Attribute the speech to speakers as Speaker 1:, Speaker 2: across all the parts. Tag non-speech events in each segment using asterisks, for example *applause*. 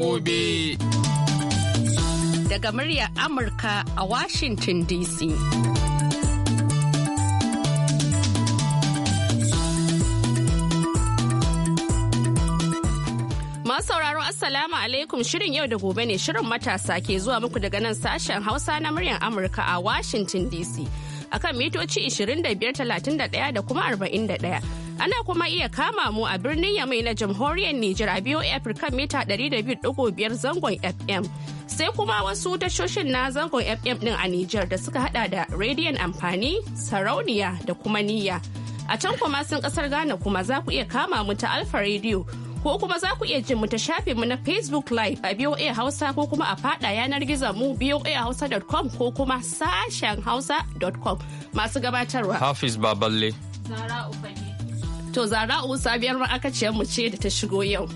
Speaker 1: gobe.
Speaker 2: Daga muryar Amurka a Washington DC. Masu sauraro Assalamu alaikum shirin yau da gobe ne shirin matasa ke zuwa muku daga nan sashen Hausa na muryar Amurka a Washington DC. akan mitoci 25, 31 da kuma 41. Ana kuma iya kama mu a birnin Yamai na jamhuriyar Nijar a biyo afirka mita 200.5 zangon FM. Sai kuma wasu tashoshin na zangon FM din a Nijar da suka hada da rediyon amfani, sarauniya da kuma niyya. A can kuma sun kasar Ghana kuma za ku iya kama mu ta Alfa Radio ko kuma za ku iya jin mu ta shafe mu na Facebook Live a BOA Hausa ko kuma a fada yanar gizon mu boahausa.com ko kuma sashen hausa.com masu gabatarwa. Hafiz Baballe. To Zara'u sabiyar ma'aikaciyar mu ce da ta shigo yau.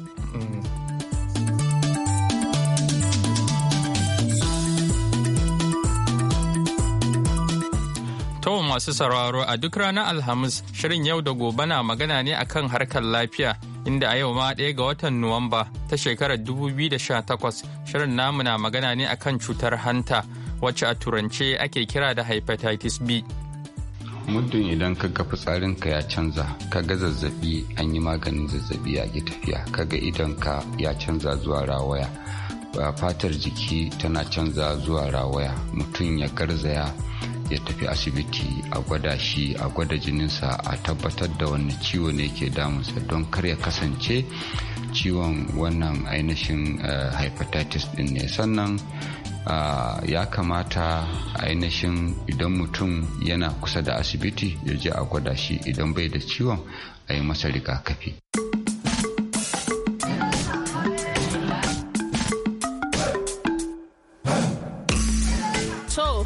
Speaker 1: Tawo masu sauraro a duk ranar Alhamis shirin yau da gobe na magana ne akan harkar lafiya inda a yau ma ɗaya ga watan Nuwamba ta shekarar 2018 shirin namu na magana ne akan cutar hanta wacce a turance ake kira da hepatitis B.
Speaker 3: muddin idan ka ga fitsarinka ya canza ka ga zazzabi an yi maganin zazzabi a ki tafiya ka ga idanka ya canza zuwa rawaya fatar jiki tana canza zuwa rawaya mutum ya garzaya ya tafi asibiti a gwada shi a gwada jininsa a tabbatar da wani ciwo ne ke damunsa don kar ya kasance ciwon wannan ainihin eh, hepatitis din ne sannan Ah, ya kamata ainihin idan mutum yana kusa da asibiti ya je a gwada shi idan bai da ciwon a yi masa rigakafi.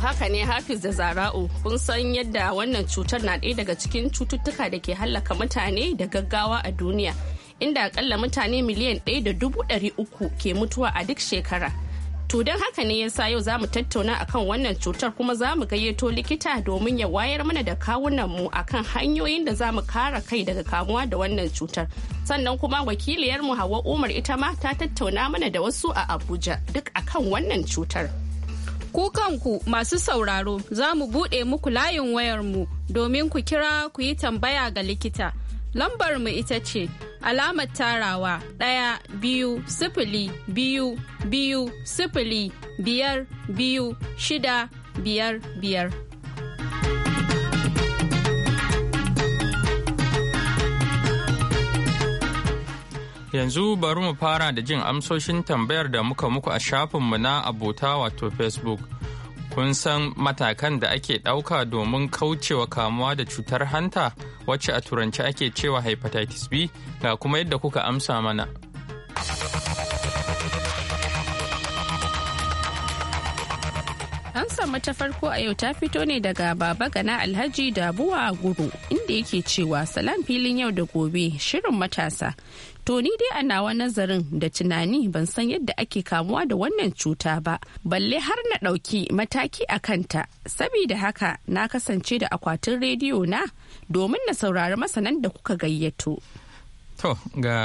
Speaker 2: haka ne hafiz da zara'u kun san yadda wannan cutar na ɗaya daga cikin cututtuka da ke hallaka mutane da gaggawa a duniya inda akalla mutane miliyan ɗaya da dubu ɗari uku ke mutuwa a duk shekara To don haka ne yasa yau za mu tattauna akan wannan cutar kuma za mu gayyato likita domin ya wayar mana da kawunan mu akan hanyoyin da za mu kare kai daga kamuwa da wannan cutar. Sannan kuma wakiliyar mu Hauwa Umar ita ma ta tattauna mana da wasu a Abuja duk akan wannan cutar. Ku kanku masu sauraro za mu buɗe muku layin wayar mu domin ku kira ku yi tambaya ga likita. Lambar mu ita ce alamar tarawa ɗaya biyu sifili biyu biyu sifili biyar biyu shida biyar biyar.
Speaker 1: Yanzu bari mu fara da jin amsoshin tambayar da muka muku a shafinmu na abota wato Facebook. kun san matakan da ake ɗauka domin kaucewa kamuwa da cutar hanta wacce a turanci ake cewa hepatitis b ga kuma yadda kuka amsa mana
Speaker 2: samu ta farko a yau ta fito ne daga baba gana alhaji dabuwa guru inda yake cewa salam filin yau da gobe shirin matasa To ni dai a nawa nazarin da tunani ban san yadda ake kamuwa da wannan cuta ba, balle har na ɗauki mataki a kanta. Sabida haka na kasance da akwatin rediyo na domin na saurari masanan da kuka gayyato.
Speaker 1: To ga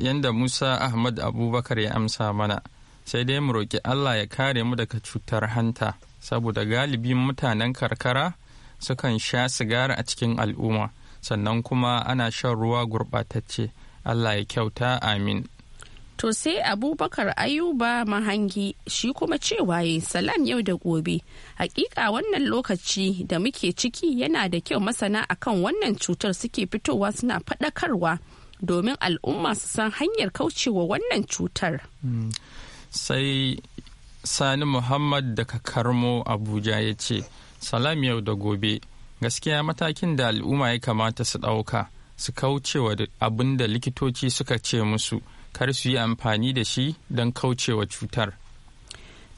Speaker 1: yadda Musa Ahmad Abubakar ya amsa mana, sai dai mu roƙi Allah ya kare mu daga cutar hanta, saboda galibin mutanen karkara sukan sha sigara a cikin al'umma, sannan kuma ana shan ruwa gurɓatacce. Allah ya kyauta amin.
Speaker 2: To sai Abubakar Ayuba Mahangi shi kuma cewa ya salam yau da gobe. Hakika wannan lokaci da muke ciki yana da kyau masana akan wannan cutar suke fitowa suna faɗakarwa domin al'umma su san hanyar kaucewa wannan cutar.
Speaker 1: Hmm. Sai Sani Muhammad daga Karmo Abuja ya ce, Salam yau da gobe, gaskiya matakin da al'umma ya kamata su ɗauka. su kaucewa abin da likitoci suka ce musu kar su yi amfani da shi don kaucewa cutar.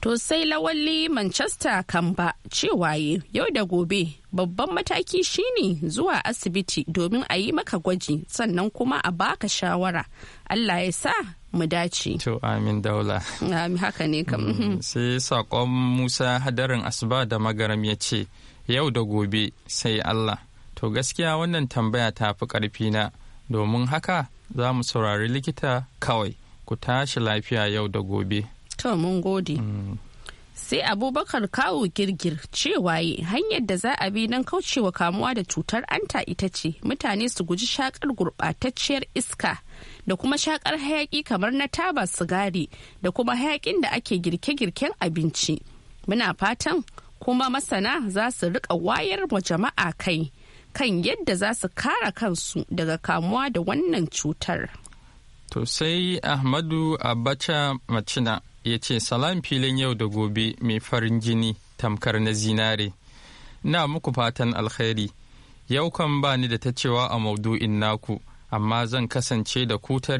Speaker 2: To sai lawalli Manchester kan ba cewa yau da gobe babban mataki shine zuwa asibiti domin a yi maka gwaji sannan kuma a baka shawara. Allah ya sa mu
Speaker 1: dace. To amin daula.
Speaker 2: Amin haka ne kam. Mm,
Speaker 1: sai sakon Musa hadarin asuba da magaram ya ce yau da gobe sai Allah. To gaskiya wannan tambaya ta fi ƙarfi na domin haka za mu saurari likita kawai ku tashi lafiya yau da gobe.
Speaker 2: To mun gode. Mm. Sai abubakar kawo girgir cewa hanyar da za a bi don kaucewa kamuwa da cutar anta ita ce mutane su guji shakar gurɓatacciyar iska da kuma shakar hayaƙi kamar na taba sigari da kuma hayaƙin da ake girke-girken abinci. Muna fatan kuma masana za su riƙa wayar wa jama'a kai. kan yadda za su kara kansu daga kamuwa da wannan cutar.
Speaker 1: To sai Ahmadu Abacha machina ya ce salam filin yau da gobe mai farin jini tamkar na zinare. Na muku fatan alkhairi, yau kan ba ni da ta cewa a maudu'in naku, amma zan kasance da ku ta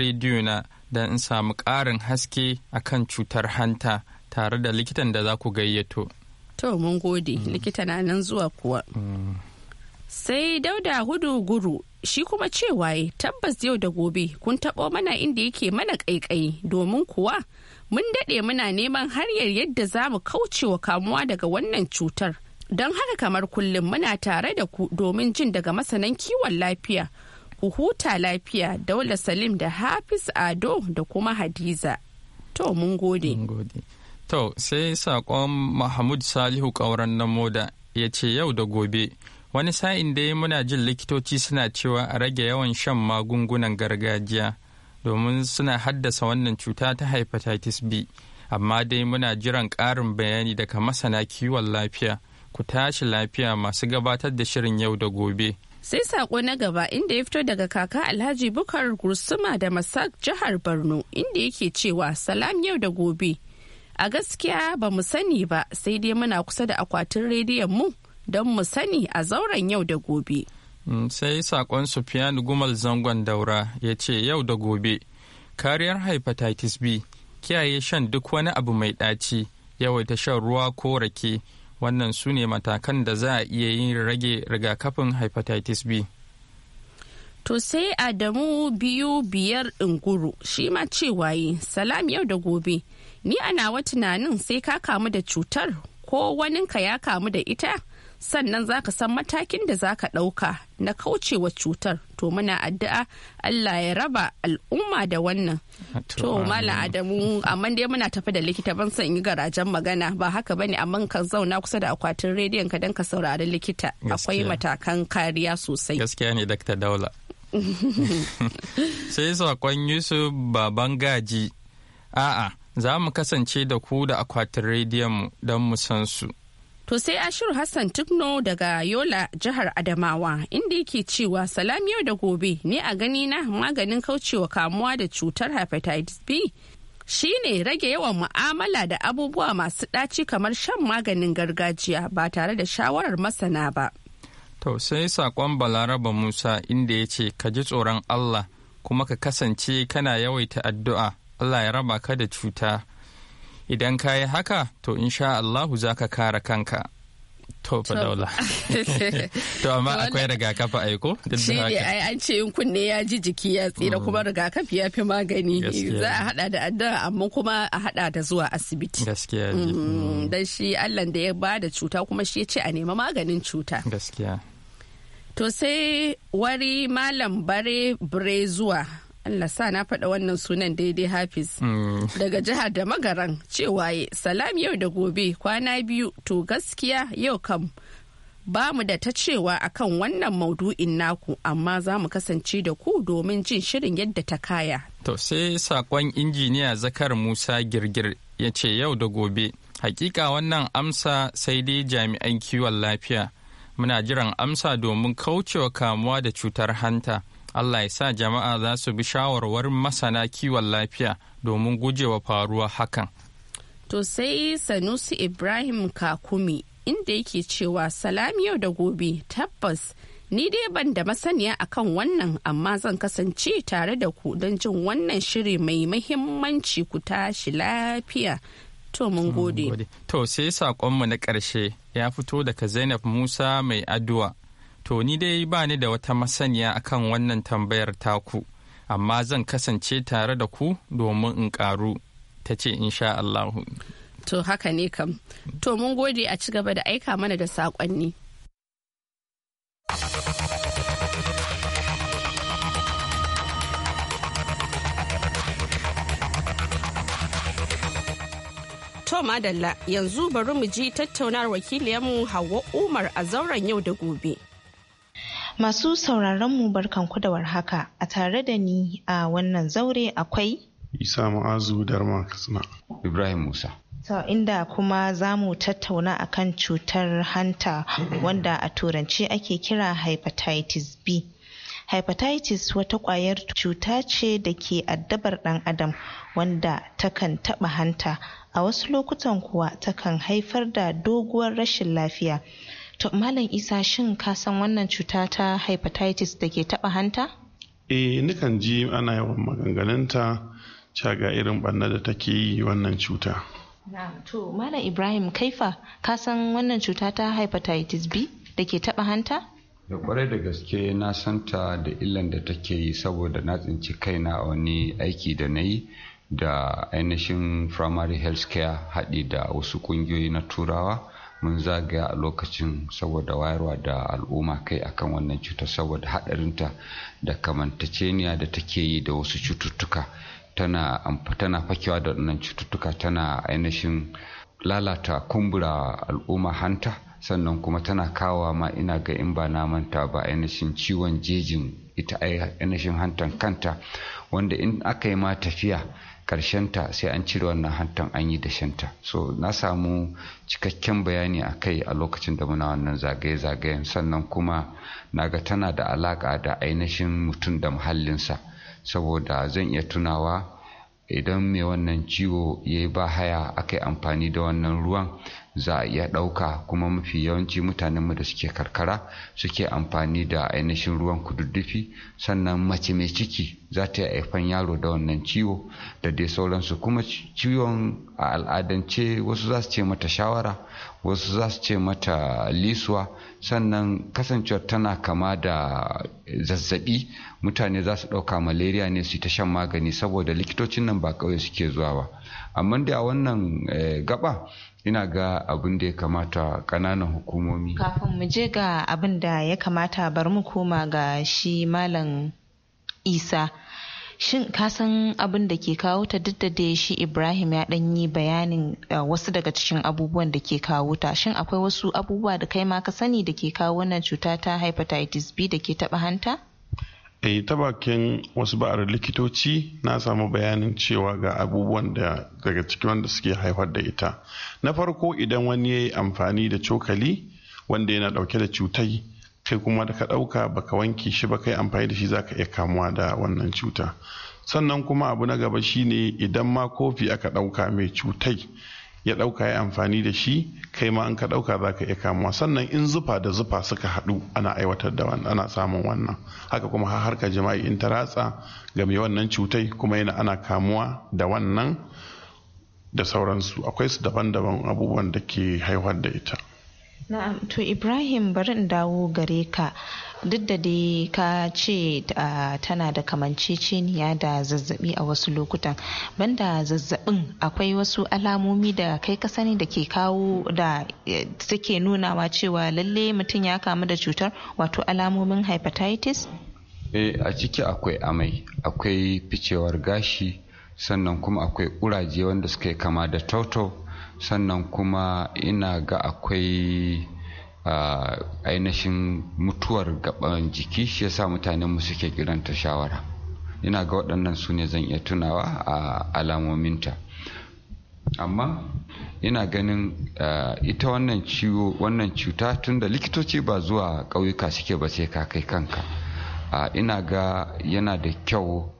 Speaker 1: na don in samu ƙarin haske a kan cutar hanta tare da likitan da za ku gayyato.
Speaker 2: To mun gode, mm. likita na nan zuwa kuwa. Mm. sai dauda hudu guru shi kuma cewa tabbas yau da gobe kun taɓo mana inda yake mana ƙaiƙayi domin kuwa mun daɗe muna neman hanyar yadda za mu kaucewa kamuwa daga wannan cutar don haka kamar kullum muna tare da ku domin jin daga masanan kiwon lafiya ku huta lafiya daula salim da hafiz ado da kuma hadiza to mun gode
Speaker 1: to sai saƙon mahmud salihu ƙauren namoda ya ce yau da gobe wani sa'in dai muna jin likitoci suna cewa a rage yawan shan magungunan gargajiya domin suna haddasa wannan cuta ta hepatitis b amma dai muna jiran ƙarin bayani daga masana kiwon lafiya ku tashi lafiya masu gabatar da shirin yau da gobe.
Speaker 2: sai sako na gaba inda ya fito daga kaka alhaji bukar gursuma da masak jihar borno inda yake cewa salam yau da gobe a gaskiya ba mu sani ba sai dai muna kusa da akwatin rediyon mu don mu sani a zauren yau da gobe.
Speaker 1: Mm, sai sakon Sufiyan Gumal Zangon Daura ya ce yau da gobe, kariyar hepatitis B, kiyaye shan duk wani abu mai ɗaci, yawaita shan ruwa ko rake, wannan su ne matakan da za a iya yin rage rigakafin hepatitis B.
Speaker 2: To sai Adamu biyu biyar ɗinguru shi ma ce waye salam yau da gobe, ni ana wa tunanin sai ka kamu da cutar ko waninka ya kamu da ita? sannan za ka san matakin da za ka ɗauka na kaucewa cutar to muna addu'a Allah ya raba al'umma da wannan
Speaker 1: to mala
Speaker 2: adamu amma dai muna tafi da likita ban san yi garajen magana ba haka bane amma ka zauna kusa da akwatin rediyon ka don ka saurari likita akwai matakan kariya sosai
Speaker 1: gaskiya ne dakta daula *laughs* sai sakon yusuf baban gaji a'a za mu kasance da ku da akwatin rediyon mu don mu san su
Speaker 2: To sai Ashir Hassan Tukno daga Yola jihar Adamawa inda yake cewa salam yau da gobe ne a gani na maganin kaucewa kamuwa da cutar hepatitis B shine rage yawan mu'amala da abubuwa masu ɗaci kamar shan maganin gargajiya ba tare da shawarar masana ba.
Speaker 1: To sai saƙon Balaraba Musa inda ya ce ka ji tsoron Allah kuma ka kasance kana yawaita addu'a Allah ya raba ka da cuta. idan ka yi haka to insha Allahu za ka kare kanka to fa daula *laughs* to amma akwai rigakafi aiko shi ne ai
Speaker 2: an ce in kunne ya ji jiki ya tsira kuma mm. rigakafi ya fi magani za a hada da addu'a amma kuma a hada da zuwa asibiti gaskiya mm-hmm. mm. dan shi Allah da ya bada cuta kuma shi ya ce a nema maganin cuta gaskiya to sai wari malam bare bare zuwa Allah sa na faɗa wannan sunan daidai Hafiz. Mm. Daga jihar da magaran cewa salam yau da gobe kwana biyu to gaskiya yau kam ba mu da ta cewa akan wannan maudu'in naku amma za mu kasance da ku domin jin shirin yadda ta kaya.
Speaker 1: To sai sakon injiniya Zakar Musa Girgir ya ce yau da gobe hakika wannan amsa sai dai jami'an kiwon lafiya muna jiran amsa domin kaucewa kamuwa da cutar hanta. Allah ya sa jama'a za su bi shawarwarin masana kiwon lafiya domin gujewa faruwa hakan.
Speaker 2: To sai Sanusi Ibrahim Kakumi inda yake cewa salam yau da gobe tabbas ni dai ban da masaniya akan wannan amma zan kasance tare da ku don jin wannan shiri mai mahimmanci ku tashi lafiya to mun gode.
Speaker 1: To sai saƙonmu na ƙarshe ya fito daga Zainab Musa mai addu'a To ni dai ba ni da wata masaniya akan wannan tambayar taku, amma zan kasance tare da ku domin in ƙaru, ta ce insha Allahu.
Speaker 2: To haka ne kam, to mun gode a ci gaba da aika mana da saƙonni. To Madalla yanzu bari mu ji tattaunar wakiliyarmu Hauwa Umar a zauren yau da gobe. Masu
Speaker 4: sauraronmu barkan da warhaka a tare da ni a wannan zaure akwai
Speaker 5: Isa Ma'azu Darma Katsina. Ibrahim Musa.
Speaker 4: So, inda kuma za mu tattauna kan cutar hanta wanda a turanci ake kira hepatitis B. Hepatitis wata ƙwayar cuta ce da ke addabar ɗan adam wanda takan taɓa hanta a wasu lokutan kuwa takan haifar da doguwar rashin lafiya To Malam Isa shin ka san wannan cuta ta hepatitis da ke taɓa hanta?
Speaker 5: Eh nikan ji ana yawan maganganunta caga irin banna da take yi wannan cuta.
Speaker 4: To Malam Ibrahim Kaifa ka san wannan cuta ta hepatitis B da ke taɓa hanta?
Speaker 3: Da kwarai da gaske na santa da illan da take yi saboda na tsinci kaina a wani aiki da na yi da ainihin primary health care haɗi da wasu ƙungiyoyi na turawa mun zagaya a lokacin saboda wayarwa da al'umma kai akan wannan cutar saboda haɗarinta da kamantaceniya da take yi da wasu cututtuka tana tana fakewa da wannan cututtuka tana ainihin lalata kumbura al'umma hanta sannan kuma tana kawo ma ina ga in ba na manta ba ainihin ciwon jejin ita ainihin hantan kanta wanda in aka yi ma tafiya Karshen ta sai an cire wannan hantan an yi dashenta so na samu cikakken bayani a kai a lokacin da muna wannan zagaye-zagayen sannan kuma naga tana da alaƙa da ainihin mutum da muhallinsa saboda zan iya tunawa idan mai wannan ciwo ya yi haya, aka yi amfani da wannan ruwan za a iya ɗauka kuma mafi yawanci mutanenmu da suke karkara suke amfani da ainihin ruwan kududdufi sannan mace mai ciki za ta yi haifan yaro da wannan ciwo da dai sauransu kuma ciwon a al'adance wasu za su ce mata shawara wasu za su ce mata lisuwa sannan kasancewa tana kama da zazzabi mutane za su ɗauka malaria ne su ta shan magani saboda likitocin nan ba ƙauye suke zuwa ba amma da wannan eh, gaba ina ga abin da ya kamata ƙananan hukumomi
Speaker 4: kafin mu je ga abin da ya kamata bari mu koma ga shi malam isa shin ka san abin da ke kawo ta duk da shi ibrahim ya dan yi bayanin eh, wasu daga cikin abubuwan da ke kawo ta shin akwai wasu abubuwa da kai ma ka sani da ke kawo wannan cuta ta hepatitis b da ke taba hanta
Speaker 5: eh ta bakin wasu ba'ar likitoci na samu bayanin cewa ga abubuwan da daga cikin wanda suke haifar da ita na farko idan wani ya yi amfani da cokali wanda yana dauke da cutai kai kuma da ka dauka baka wanke shi ba kai amfani da shi za ka iya kamuwa da wannan cuta sannan kuma abu na gaba shine idan ma kofi aka dauka mai cutai ya ɗauka ya amfani da shi kai ma an ka ɗauka za ka iya kamuwa sannan in zufa da zufa suka haɗu ana aiwatar da wannan ana samun wannan haka kuma har harka jima'i in ta ratsa ga mai wannan cutai kuma yana ana kamuwa da wannan da sauransu akwai su daban-daban abubuwan da ke haifar da ita
Speaker 4: Na'am to Ibrahim bari in dawo gare ka duk da dai ka ce tana da kamanceceniya da zazzabi a wasu lokutan banda zazzabin akwai wasu alamomi da kai ka sani da ke kawo da eh, suke nunawa cewa lalle mutum ya kamu da cutar wato alamomin hepatitis?
Speaker 3: E, a ciki akwai amai akwai ficewar gashi sannan kuma akwai kuraje wanda suke kama da toto sannan kuma ina ga akwai ainihin mutuwar gaban jiki shi ya sa mutane mu suke kiranta shawara ina ga waɗannan su ne zan iya tunawa a alamominta amma ina ganin ita wannan ciwo wannan cuta tunda likitoci ba zuwa ƙauyuka suke ba sai ka kai kanka ina ga yana da kyau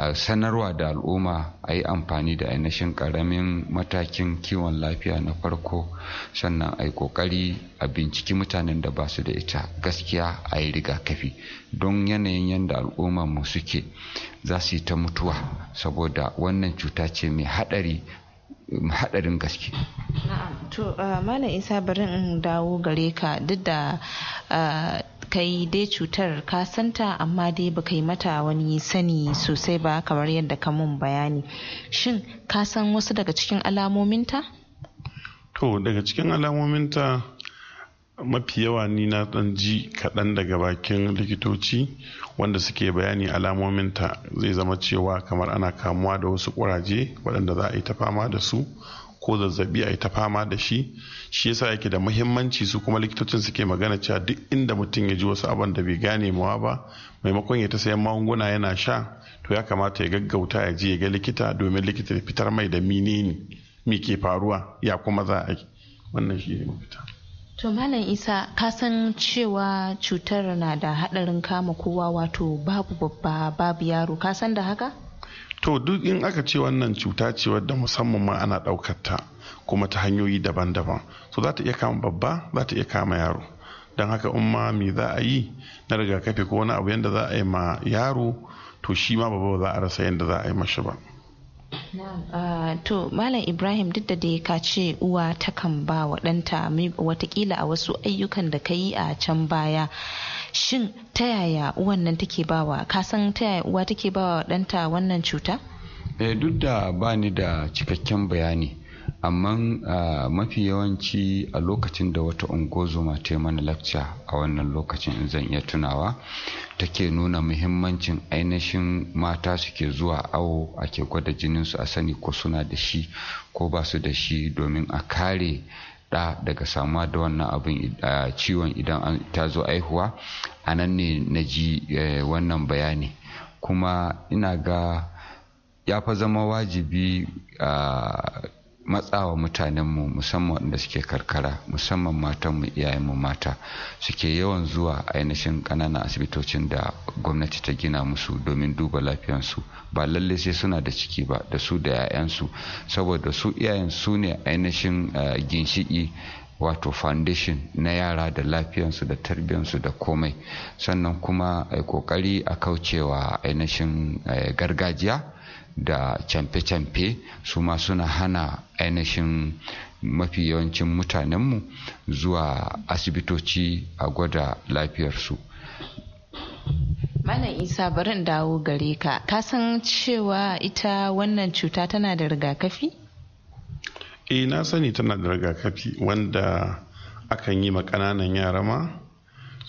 Speaker 3: a sanarwa da al'umma a yi amfani da ainihin karamin matakin kiwon lafiya na farko sannan a yi kokari a binciki mutanen da ba su da ita gaskiya a yi rigakafi don yanayin yadda al'umma mu suke za su yi ta mutuwa saboda wannan cuta ce mai haɗari haɗarin gaske
Speaker 4: to uh, mana isa bari in dawo gare ka duk da uh, kai dai cutar ka santa amma dai baka yi mata wani sani sosai ba kamar yadda ka mun bayani shin ka san wasu daga cikin alamominta
Speaker 5: to daga cikin alamominta mafi yawa ni na dan ji kaɗan daga bakin likitoci wanda suke bayani alamominta zai zama cewa kamar ana kamuwa da wasu kuraje waɗanda za a yi ta fama da su ko zazzabi a yi ta fama da shi shi yasa yake da muhimmanci su kuma likitocin suke magana cewa duk inda mutum ya ji wasu abin da bai gane mawa ba maimakon ya ta sayan magunguna yana sha to ya kamata ya gaggauta ya je ya ga likita domin likita ya fitar mai da menene me ke faruwa ya kuma za a yi wannan shi ne mafita
Speaker 4: To Malam Isa ka san cewa cutar na da haɗarin kama kowa wato babu babba babu yaro ka san da haka?
Speaker 5: To duk in aka ce wannan cuta ce wadda musamman ma ana ɗaukar ta kuma ta hanyoyi daban-daban. So za ta iya kama babba za ta iya kama yaro. Don haka in ma me za a yi na rigakafi ko wani abu yadda za a yi ma yaro to shi ma babba ba za a rasa yadda za a yi mashi ba.
Speaker 4: Ah, to Malam Ibrahim duk da dai ka ce uwa takan ba wa ɗanta watakila a wasu ayyukan da ka yi a can baya. Shin ta yaya uwan nan take bawa ka san ta yaya uwa take bawa ɗanta wannan cuta?
Speaker 3: Eh, duk da ba ni da cikakken bayani Amman mafi yawanci a lokacin da wata ungozoma ta yi mana lakca a wannan lokacin in zan iya tunawa take nuna muhimmancin ainihin mata suke zuwa awo ake gwada jinin su a sani ko suna da shi ko ba su da shi domin a kare ɗa daga samuwa da wannan abin ciwon idan ta zo aihuwa a nan ne na ji e, wannan bayani kuma ina ga ya fa zama wajibi matsawa mu musamman wadanda suke karkara musamman matanmu iyayenmu mata suke yawan zuwa ainihin kananan asibitocin da gwamnati ta gina musu domin duba lafiyansu ba lalle sai suna da ciki ba da su da 'ya'yansu saboda su iyayen su ne ainihin eh, ginshiki wato foundation na yara da lafiyansu da tarbiyansu da komai sannan kuma kokari a kaucewa ainihin eh, gargajiya da camfe-camfe su ma suna hana ainihin mafi yawancin mutanenmu zuwa asibitoci a gwada lafiyarsu
Speaker 4: mana Isa barin dawo gare ka, ka san cewa ita wannan cuta tana da rigakafi?
Speaker 5: e na sani tana da rigakafi wanda akan yi ma ƙananan yara ma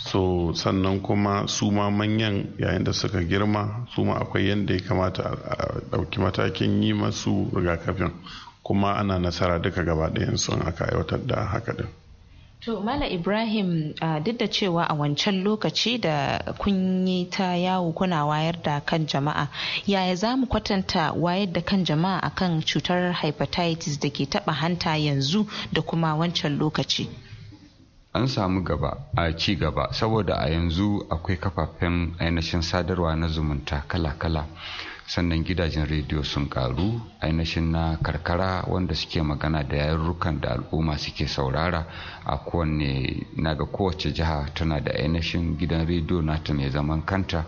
Speaker 5: so sannan kuma su ma manyan yayin da suka girma su ma akwai yadda ya kamata a ɗauki matakin yi masu rigakafin kuma ana nasara duka gaba ɗayan sun aka aiwatar da haka din
Speaker 4: To Mala Ibrahim uh, duk da cewa a wancan lokaci da kunyi ta yawo kuna wayar da kan jama'a yaya za mu kwatanta wayar da kan jama'a akan cutar hepatitis da ke taba hanta yanzu da kuma wancan lokaci?
Speaker 3: An samu gaba a ci gaba saboda a yanzu akwai kafafen ainihin sadarwa na zumunta kala-kala. sannan gidajen rediyo sun karu ainihin na karkara wanda suke magana da yarurrukan da al'umma suke saurara a kowanne ga kowace jiha tana da ainihin gidan rediyo nata mai zaman kanta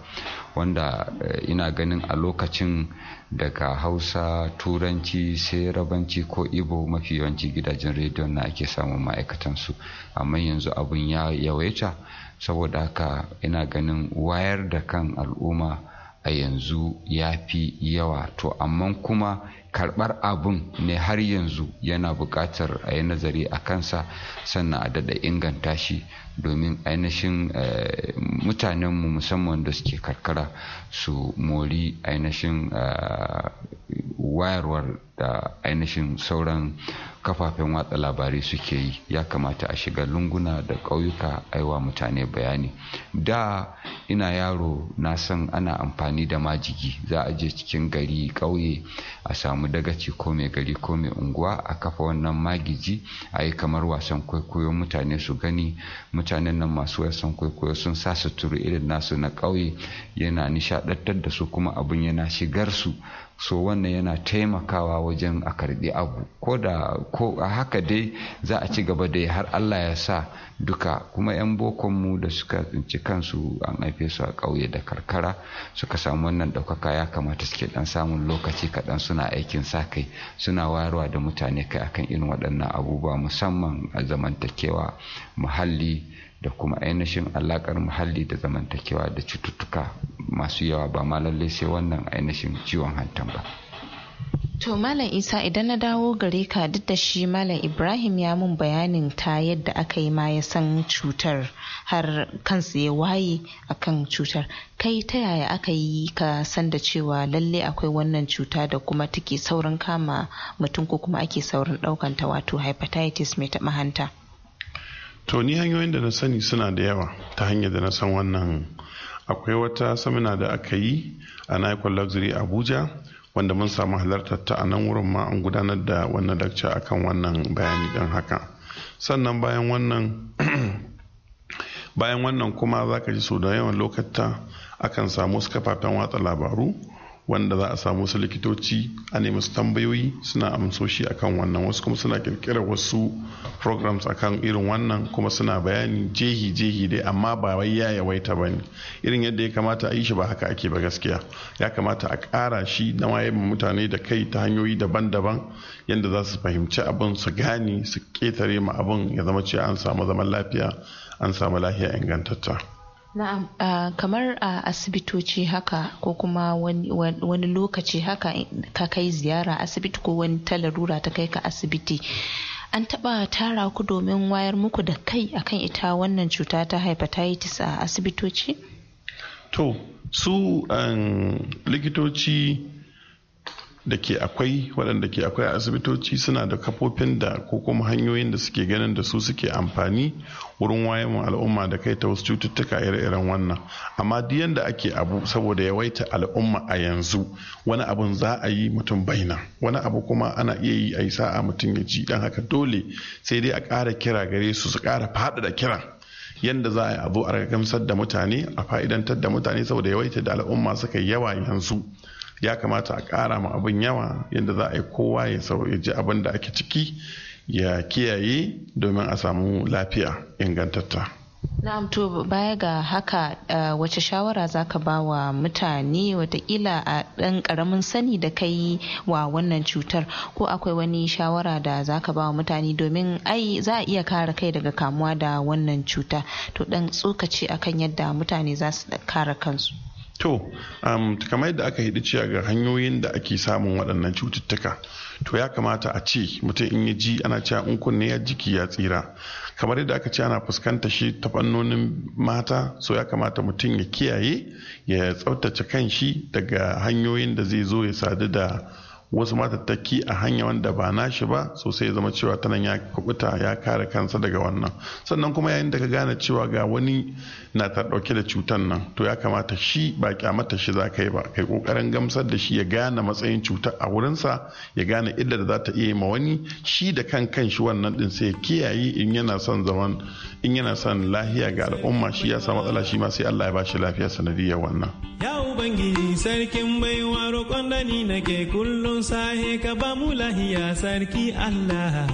Speaker 3: wanda eh, ina ganin a lokacin daga hausa turanci sai rabanci ko ibo mafi yawanci gidajen rediyo na ake samun ma'aikatansu amma yanzu abin ya yawaita saboda haka ina ganin wayar da kan al'umma a yanzu ya fi yawa to amma kuma karɓar abun ne har yanzu yana buƙatar a yi nazari a kansa sannan a dada inganta shi domin ainihin eh, mutanenmu musamman da suke karkara su mori ainihin eh, wayarwar da ainihin sauran kafafen watsa labarai suke yi ya kamata a shiga lunguna da ƙauyuka aiwa mutane bayani da ina yaro na san ana amfani da majigi za a je cikin gari ƙauye a samu dagaci ko mai gari ko mai unguwa a kafa wannan magiji a yi kamar wasan kwaikwayo mutane su gani mutanen nan masu wasan kwaikwayo sun sa suturu irin nasu na ƙauye yana nishaɗantar da su kuma abin yana shigar su so wannan yana taimakawa wajen a karbi abu ko da ko a haka dai za a ci gaba da har Allah ya sa duka kuma 'yan bokon mu da suka tsinci kansu an haife su a ƙauye da karkara suka samu wannan ɗaukaka ya kamata suke ɗan samun lokaci kaɗan suna aikin sa kai suna wayarwa da mutane kai akan irin waɗannan abubuwa musamman a zamantakewa muhalli da kuma ainihin alakar muhalli da zamantakewa da cututtuka masu yawa ba ma lallai sai wannan ainihin ciwon hantan ba.
Speaker 4: To Malam Isa idan na dawo gare ka duk da shi Malam Ibrahim ya mun bayanin ta yadda aka yi ma ya san cutar har kansu ya waye akan cutar. Kai ta yaya aka yi ka san da cewa lalle akwai wannan cuta da kuma take saurin kama mutum ko kuma ake saurin ɗaukanta wato hepatitis mai taɓa hanta.
Speaker 5: to ni hanyoyin da na sani suna da yawa ta hanyar da na san wannan akwai wata samina da aka yi a naikon luxury abuja wanda mun samu halartar ta a nan wurin ma an gudanar da wannan lakca akan wannan bayani ɗin haka sannan bayan wannan bayan wannan kuma za ka ji sau da yawan lokata akan samu wasu kafafen watsa labaru wanda za a samu su likitoci a nemi su tambayoyi suna amsoshi akan wannan wasu kuma suna kirkirar wasu programs akan irin wannan kuma suna bayani jehi jehi dai amma ba wai ya yawaita ba ne irin yadda ya kamata a yi shi ba haka ake ba gaskiya ya kamata a ƙara shi na wayan mutane da kai ta hanyoyi daban-daban yadda za su fahimci abin su gane su ƙetare ma abin ya zama ce an samu zaman lafiya an samu lafiya ingantatta.
Speaker 4: Na'am kamar a asibitoci haka ko kuma wani, lokaci haka ka kai ziyara asibiti ko wani talarura larura ta kai ka asibiti an taɓa tara ku domin wayar muku da kai akan ita wannan cuta ta hepatitis a asibitoci?
Speaker 5: To su um, likitoci da ke akwai waɗanda ke akwai a asibitoci suna da kafofin da ko kuma hanyoyin da suke ganin da su suke amfani wurin wayan al'umma da kai ta wasu cututtuka ire-iren wannan amma duk yanda ake abu saboda yawaita al'umma a yanzu wani abun za a yi mutum baina wani abu kuma ana iya yi a yi sa'a mutum ya ji dan haka dole sai dai a ƙara kira gare su su ƙara faɗaɗa kiran yadda za a zo a gamsar da mutane a fa'idantar da mutane saboda yawaita da al'umma suka yawa yanzu ya kamata a ƙara ma abin yawa yadda za a yi kowa ya ji abin da ake ciki ya kiyaye domin a samu lafiya ingantatta.
Speaker 4: na'am to baya ga haka eh, wace shawara za ka ba wa mutane watakila a ɗan ƙaramin sani da kai wa wannan cutar ko akwai wani shawara da za ka ba wa mutane domin ai za a iya kare kai daga kamuwa da wannan cuta to ɗan tsokaci akan yadda mutane za su kare kansu
Speaker 5: to um, kamar yadda aka hidi ciya ga hanyoyin da ake samun waɗannan cututtuka to ya kamata a ce mutum in ya ji ana cewa in kunne ya jiki ya tsira kamar yadda aka ce ana fuskanta shi ta fannonin mata so ya kamata mutum ya kiyaye ya tsaftace kan shi daga hanyoyin da zai zo ya sadu da wasu matattaki a hanya wanda ba nashi ba sosai zama cewa tanan ya kubuta ya kare kansa daga wannan sannan kuma yayin da ka gane cewa ga wani na ta dauke da cutan nan to ya kamata shi ba kyamata shi za ka yi ba kai kokarin gamsar da shi ya gane matsayin cutar a wurinsa ya gane illar da za ta iya ma wani shi da kan kan shi wannan din sai ya kiyaye in yana son zaman in yana son lahiya ga al'umma shi ya samu matsala shi ma sai Allah ya bashi lafiya sanadiyar wannan
Speaker 6: ya ubangiji sarkin baiwa roƙon dani nake kullum Musa he ka ba mu lahiya sarki Allah.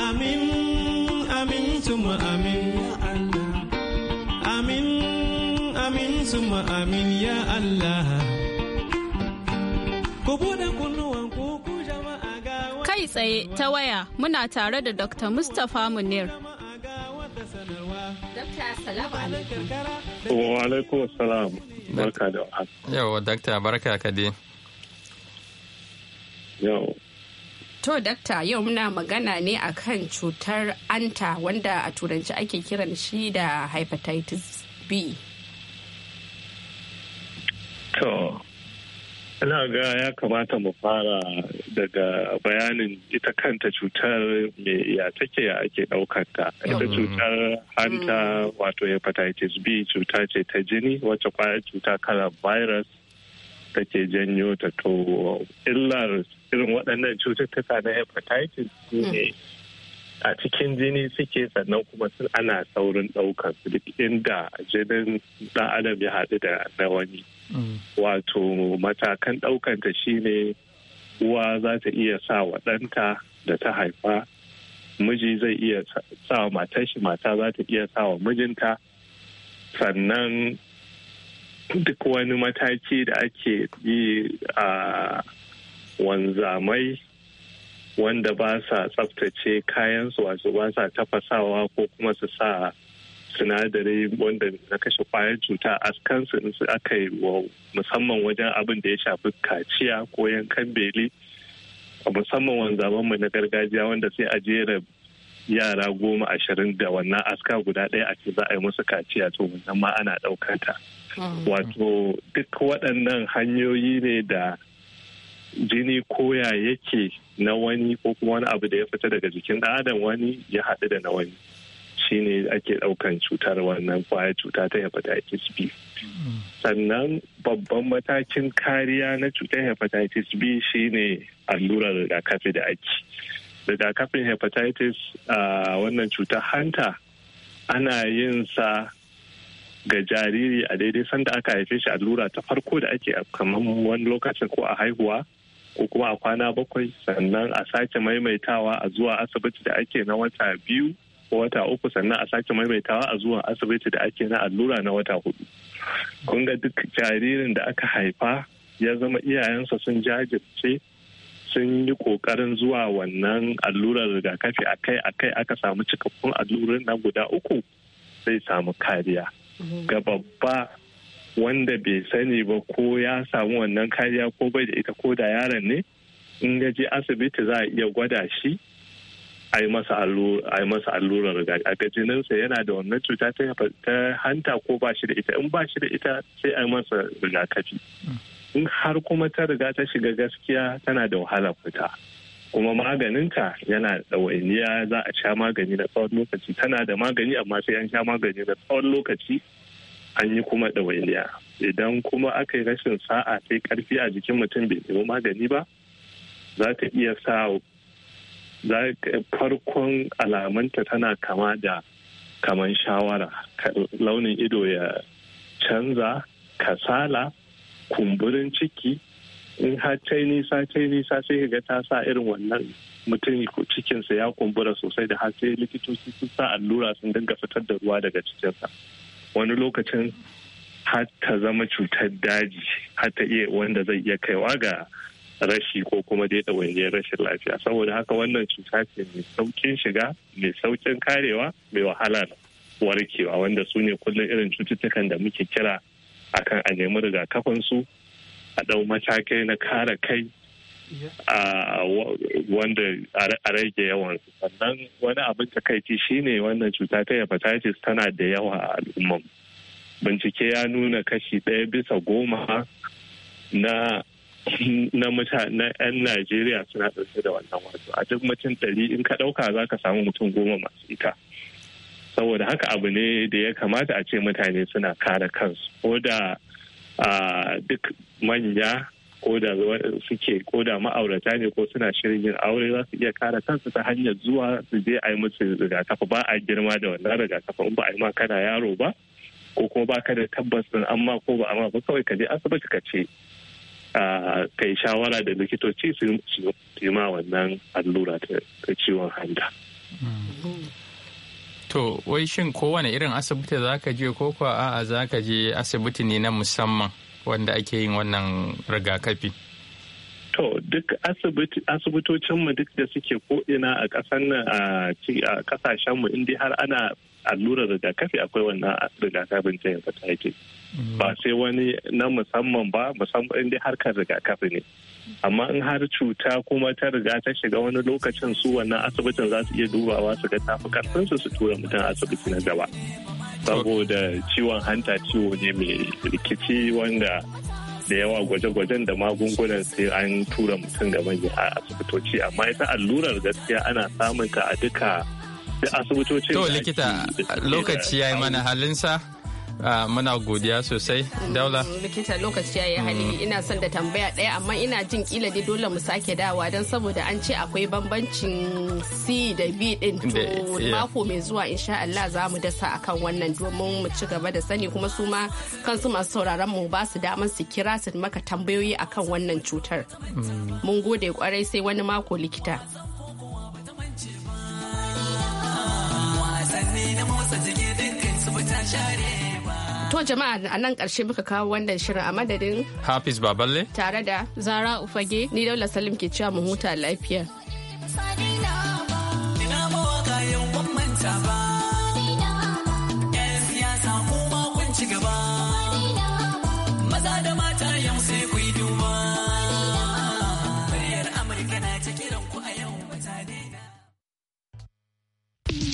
Speaker 6: Amin, amin, tuma amin ya Allah. Amin, amin, tuma amin ya Allah. Ku buɗe kunnuwan ku ku jama'a
Speaker 2: ga Kai tsaye ta waya muna tare da Dr. Mustapha Munir.
Speaker 6: Wa alaikum salam. Barka da
Speaker 1: Yawa, Dakta, barka ka dai.
Speaker 6: To
Speaker 2: dakta yau muna magana ne akan cutar anta wanda a turanci ake kiran shi da hepatitis B.
Speaker 6: To, ina ga ya kamata mu fara daga bayanin ita kanta cutar me ya take ya ake ɗaukarta. Ita cutar hanta mm. wato hepatitis B cuta ce ta jini wacce kwayar cuta kalar virus. ke janyo ta to illar irin waɗannan cututtuka na hepatitis ne a cikin jini suke sannan kuma sun ana saurin ɗaukar su duk inda jinin ɗan adam ya haɗu da na wani wato matakan ɗaukanta ne uwa za ta iya sa wa ɗanta da ta haifa miji zai iya sa wa matar mata za ta iya sa wa mijinta sannan duk wani mataki da ake yi a wanzamai wanda ba sa tsaftace kayansu wasu ba sa tafasawa ko kuma su sa sinadarai wanda na kashe kwayar cuta a kansu su aka yi wa musamman wajen abin da ya shafi kaciya ko yankan beli a musamman wanzamanmu na gargajiya wanda sai a jera yara goma ashirin da wannan aska guda ɗaya a ce za a yi musu kaciya to wannan ma ana ɗaukata. Mm. wato duk waɗannan hanyoyi ne da jini koya yake na wani ko kuma wani abu da ya fita daga jikin adam wani ya haɗu da na wani shine ake ɗaukan cutar wannan kwaya cuta ta hepatitis b sannan babban matakin kariya na cutar hepatitis b shine allurar rigakafi da ake rigakafin hepatitis a ah, wannan cutar hanta ana yin sa ga jariri a daidai sanda aka haife shi allura ta farko da ake kamar wani lokacin ko a haihuwa ko kuma a kwana bakwai sannan a sake maimaitawa a zuwa asibiti da ake na wata biyu ko wata uku sannan a sake maimaitawa a zuwa asibiti da ake na allura na wata hudu kun ga duk jaririn da aka haifa ya zama iyayensa sun jajirce sun yi kokarin zuwa wannan allurar rigakafi akai akai aka samu cikakkun allurar na guda uku zai samu kariya ga babba wanda bai sani ba ko ya samu wannan kariya ko bai da ita ko da yaron ne in gaji asibiti za a iya gwada shi a yi masa allurar rigakafi jininsa yana da wannan cuta ta hanta ko ba shi da ita in ba shi da ita sai a yi masa rigakafi mm. in har kuma ta riga ta shiga gaskiya tana da wahala fita kuma maganinta yana ɗawainiya za a sha magani na tsawon lokaci tana da magani amma sai an sha magani na tsawon lokaci an yi kuma ɗawainiya idan kuma aka yi rashin sa'a sai karfi a jikin mutum bai nemi magani ba za ta iya sa farkon alamanta tana kama da kamar shawara launin ido ya canza kasala kumburin ciki in har ta nisa ta nisa sai ga ta sa irin wannan mutum cikinsa ya kumbura sosai da har sai likitoci sun sa allura sun dinga fitar da ruwa daga cikinsa wani lokacin har ta zama cutar daji har ta iya wanda zai iya kaiwa ga rashi ko kuma dai ɗawainiyar rashin lafiya saboda haka wannan cuta ce mai saukin shiga mai saukin karewa mai wahalar warkewa wanda su ne kullum irin cututtukan da muke kira akan a nemi rigakafin su a ɗau matakai na kare kai wanda a rage yawan sannan wani abin takaici shine wannan cuta ta hepatitis tana da yawa a al'umman bincike ya nuna kashi ɗaya bisa goma na na mutane 'yan Najeriya suna ɗauke da wannan wato a duk mutum ɗari in ka ɗauka za ka samu mutum goma masu ita saboda haka abu ne da ya kamata a ce mutane suna kare kansu ko da duk manya ko da suke ko ma'aurata ne ko suna shirin yin aure za su iya kare kansu ta hanyar zuwa su je a yi musu rigakafi ba a girma da wannan rigakafi in ba a yi ma kana yaro ba ko kuma ba ka da tabbas din amma ko ba amma ba kawai ka je asibiti ka ce ka shawara da likitoci su yi ma wannan allura ta ciwon hanta. Mm.
Speaker 1: To, wai shin kowane irin asibiti za ka je ko kuwa a'a za ka je asibiti ne na musamman wanda ake yin wannan rigakafi?
Speaker 6: To, duk asibitocinmu duk da suke ko'ina a ƙasan nan a ƙasashenmu inda har ana allurar rigakafi akwai wannan rigakafin ta ta mm. Ba sai wani na musamman ba, musamman inda harkar rigakafi ne. amma in har cuta kuma ta riga ta shiga wani lokacin su wannan asibitin za su iya dubawa su ga tafi karfin su tura mutum asibiti na gaba saboda ciwon hanta ciwo ne mai rikici wanda da yawa gwaje-gwajen da magungunan sai an tura mutum ga a asibitoci amma ita allurar gaskiya ana samun ka a duka asibitocin to likita lokaci
Speaker 1: ya yi mana halinsa Ah, muna godiya sosai daula
Speaker 2: likita lokaci yayi hali hmm. ina son da tambaya ɗaya amma ina jin kila dai dole mu sake dawa don saboda an ce akwai bambancin c da b din to mako mai zuwa insha Allah za mu dasa akan wannan domin mu ci gaba da sani kuma su ma kansu masu sauraron mu ba su damar su kira su maka tambayoyi akan wannan cutar
Speaker 6: hmm.
Speaker 2: mun gode kwarai sai wani mako likita To jama'a a nan ƙarshe muka kawo wannan shirin a madadin
Speaker 1: Hafiz Baballe
Speaker 2: tare da Zara Ufage ni Daula Salim ke cewa mu huta lafiya.